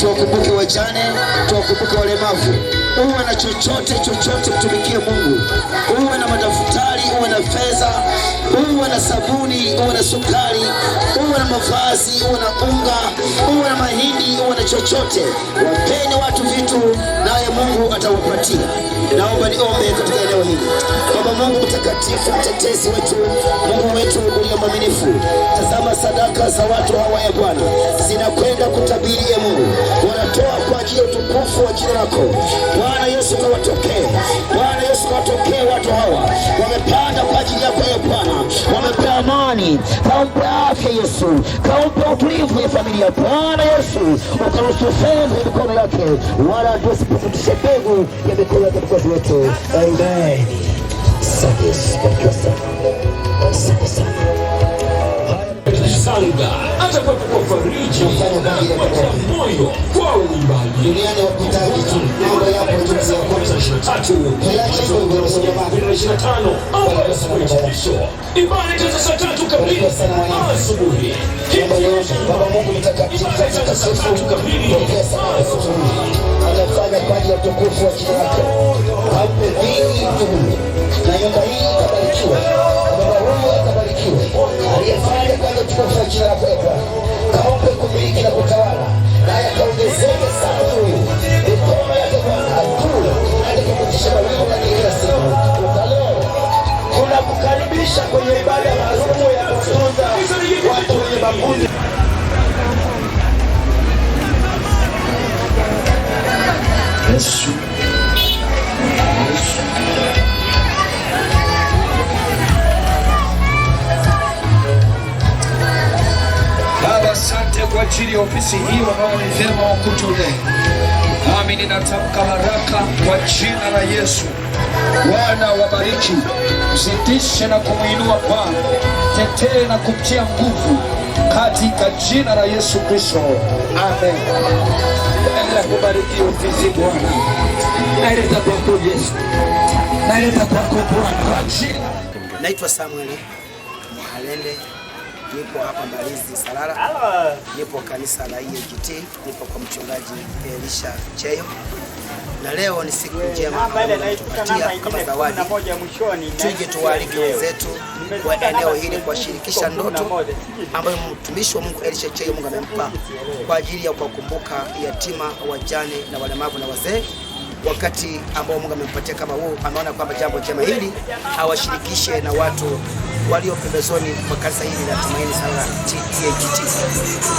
tuwakumbuke wajane, tuwakumbuke walemavu. Uwe na chochote chochote, mtumikie Mungu. Uwe na madaftari, uwe na fedha uwe na sabuni, uwe na sukari, uwe na mavazi, uwe na unga, uwe na mahindi, uwe na chochote. Wapeni watu vitu, naye Mungu atawapatia. Naomba niombe katika eneo hili. Baba Mungu mtakatifu, mtetezi wetu, Mungu wetu uliye mwaminifu, tazama sadaka za watu hawa, ya Bwana, zinakwenda kutabiri, ya e Mungu wana utukufu wa jina lako Bwana Yesu, kawatokee Bwana Yesu, kawatokee watu hawa wamepanda kwa ajili yako ye Bwana, wamepea amani, kaumpe afya Yesu, kaumpe utulivu ya familia Bwana Yesu, ukaruhusu fedha ya mikono yake, wala tusipukutishe mbegu ya mikono yake mkozi wetu. Amen. Asante sana hata kwa kufariji na kuacha moyo kwa uimbaji. Duniani wapita vitu, mambo yapo tuzi ya kote. Hela kitu ngoro soja baki. Kuna ishirini na tano, ambayo siku ichapisho. Ibada itaanza saa tatu kamili asubuhi. Baba yote, Baba Mungu mtakatifu, takatifu, takatifu, takatifu, takatifu, takatifu, takatifu, takatifu, takatifu, takatifu, takatifu, takatifu, Yesu, Baba, asante kwa ajili ya ofisi hii, wanaona ni vyema wakutolea. Nami ninatamka baraka kwa jina la Yesu. Bwana wabariki, zidishe na kumwinua Bwana, tetee na kumtia nguvu katika jina la Yesu Kristo, amen. Endelea kubariki ofisi Bwana, naileta kwako Yesu, naileta kwako Bwana. Naitwa Samuel Mwalende, nipo hapa Mbalizi Salala, nipo kanisa la IEGT, nipo kwa mchungaji Elisha Cheyo na leo ni siku njema tupatia kama zawadi. Tuje tuwaalike wenzetu wa eneo hili kuwashirikisha ndoto ambayo mtumishi wa Mungu Elisha Chei Mungu amempa kwa ajili ya kuwakumbuka yatima, wajane na walemavu na wazee wakati ambao Mungu amempatia kama huu, ameona kwamba jambo jema hili awashirikishe na watu walio pembezoni kwa kanisa hili la Tumaini sana TAGT.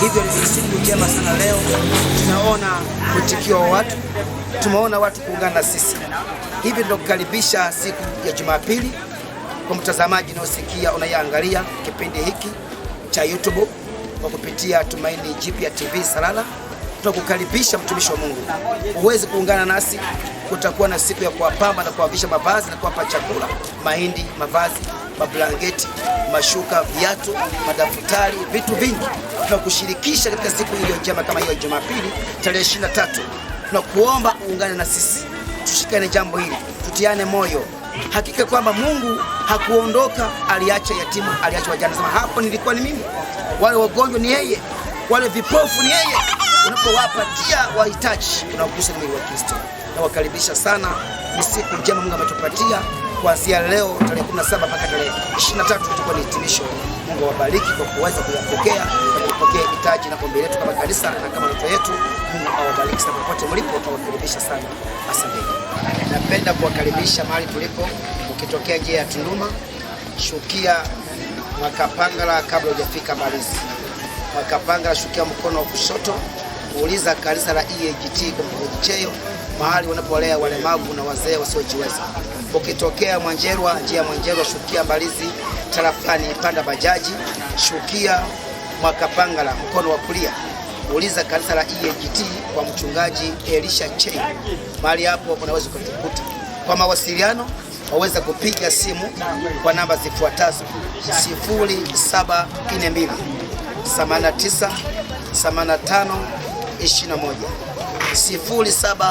Hivyo ni siku njema sana leo, tunaona mwitikio wa watu tumeona watu kuungana na sisi. Hivi ndio kukaribisha siku ya Jumapili kwa mtazamaji unaosikia unayeangalia kipindi hiki cha YouTube kwa kupitia Tumaini Jipya TV Salala, tunakukaribisha mtumishi wa Mungu uweze kuungana nasi. Kutakuwa na siku ya kuwapamba na kuwavisha mavazi na kuwapa chakula, mahindi, mavazi, mablangeti, mashuka, viatu, madaftari, vitu vingi. Tunakushirikisha katika siku iliyo njema kama hiyo Jumapili tarehe 23 Tunakuomba uungane na sisi, tushikane jambo hili, tutiane moyo. Hakika kwamba Mungu hakuondoka, aliacha yatima, aliacha wajane. Sema hapo nilikuwa ni mimi, wale wagonjwa ni yeye, wale vipofu ni yeye. Unapowapatia wahitaji, unagusa mwili wa Kristo. Nawakaribisha sana, ni siku njema Mungu ametupatia kuanzia leo tarehe 17 mpaka tarehe 23 tutakuwa ni hitimisho. Mungu awabariki kwa kuweza kuyapokea na kupokea hitaji na kombe letu kama kanisa na kama ndoto yetu. Mungu awabariki sana popote mlipo, tunawakaribisha sana. Asanteni. Napenda kuwakaribisha mahali tulipo, ukitokea njia ya Tunduma, shukia Mwakapangala kabla hujafika Mbalizi. Mwakapangala shukia mkono wa kushoto, kuuliza kanisa la EAGT kwa mkono mahali wanapolea walemavu na wazee wasiojiweza. Ukitokea Mwanjerwa, njia ya Mwanjerwa, shukia Mbalizi tarafani, panda bajaji, shukia Mwakapangala mkono wa kulia, uliza kanisa la EAGT kwa mchungaji Elisha Chei, mahali hapo unaweza kutukuta. Kwa mawasiliano waweza kupiga simu kwa namba zifuatazo 0742 89 85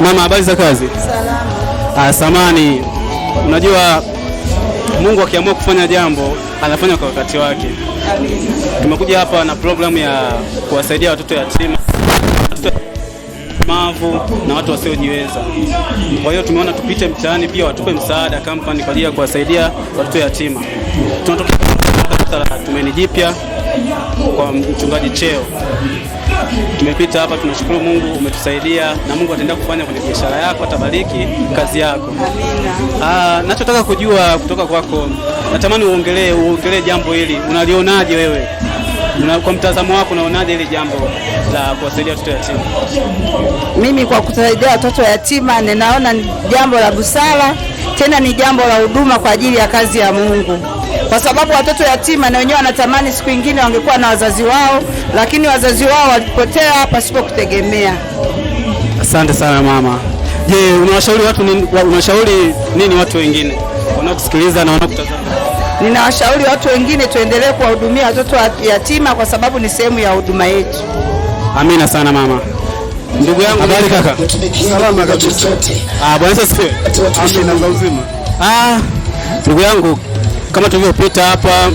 Mama, habari za kazi? Salama. Ah, samani, unajua Mungu akiamua kufanya jambo anafanya kwa wakati wake. Tumekuja hapa na programu ya kuwasaidia watoto yatima, mavu na watu wasiojiweza. Kwa hiyo tumeona tupite mtaani pia watupe msaada kampani kwa ajili ya kuwasaidia watoto yatima. Tunatoka la Tumaini Jipya kwa mchungaji cheo. Tumepita hapa, tunashukuru Mungu umetusaidia, na Mungu ataendelea kufanya kwenye biashara yako, atabariki kazi yako. Amina. Ah, nachotaka kujua kutoka kwako, natamani uongelee uongelee jambo hili, unalionaje wewe? Una, kwa mtazamo wako unaonaje ile jambo la kuwasaidia watoto yatima? Mimi kwa kusaidia watoto yatima ninaona ni jambo la busara, tena ni jambo la huduma kwa ajili ya kazi ya Mungu kwa sababu watoto yatima na wenyewe wanatamani siku ingine wangekuwa na wazazi wao, lakini wazazi wao walipotea pasipo kutegemea. Asante sana mama. Je, unawashauri watu nini, unashauri nini watu wengine wanaokusikiliza na wanaokutazama? Ninawashauri watu wengine tuendelee kuwahudumia watoto yatima kwa sababu ni sehemu ya huduma yetu. Amina sana mama. Ndugu yangu, habari kaka? Salama kabisa. Ah, bwana sasa. Amina uzima. Ah, ndugu yangu kama tulivyopita hapa,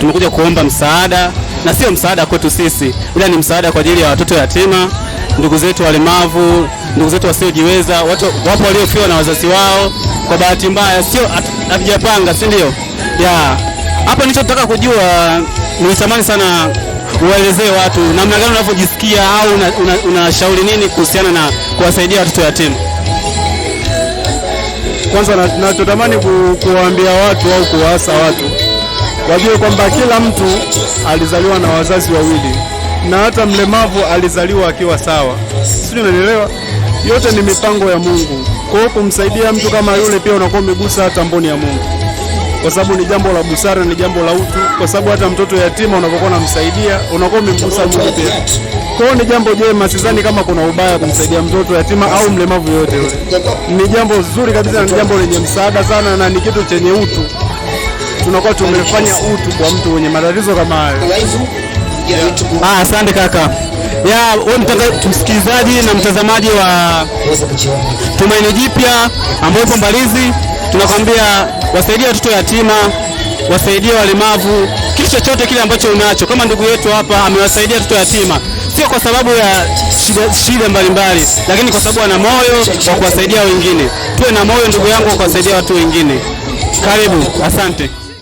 tumekuja kuomba msaada, na sio msaada kwetu sisi, ila ni msaada kwa ajili ya watoto yatima, ndugu zetu walemavu, ndugu zetu wasiojiweza, watu wapo waliofiwa na wazazi wao kwa bahati mbaya, sio hatujapanga, si ndio? Ya hapa nichotaka kujua, nilitamani sana uwaelezee watu namna gani unavyojisikia au unashauri una, una nini kuhusiana na kuwasaidia watoto yatima kwanza nachotamani ku, kuwaambia watu au kuwaasa watu wajue kwamba kila mtu alizaliwa na wazazi wawili na hata mlemavu alizaliwa akiwa sawa, sijui unanielewa. Yote ni mipango ya Mungu. Kwa hiyo kumsaidia mtu kama yule pia unakuwa umegusa hata mboni ya Mungu, kwa sababu ni jambo la busara, ni jambo la utu, kwa sababu hata mtoto yatima unapokuwa unamsaidia unakuwa umemgusa Mungu pia. Kwao ni jambo jema, sidhani kama kuna ubaya kumsaidia mtoto yatima au mlemavu yoyote Ni jambo zuri kabisa na ni jambo lenye msaada sana na ni kitu chenye utu. Tunakuwa tumefanya utu kwa mtu mwenye matatizo kama hayo. Ah, asante kaka. Ya, wewe msikilizaji na mtazamaji wa Tumaini Jipya ambayo ipo Mbalizi, tunakwambia wasaidie watoto yatima, wasaidie walemavu, kitu chochote kile ambacho unacho. Kama ndugu yetu hapa amewasaidia watoto yatima sio kwa sababu ya shida, shida mbalimbali, lakini kwa sababu ana moyo wa kuwasaidia wengine. Tuwe na moyo ndugu yangu wa kuwasaidia watu wengine. Karibu, asante.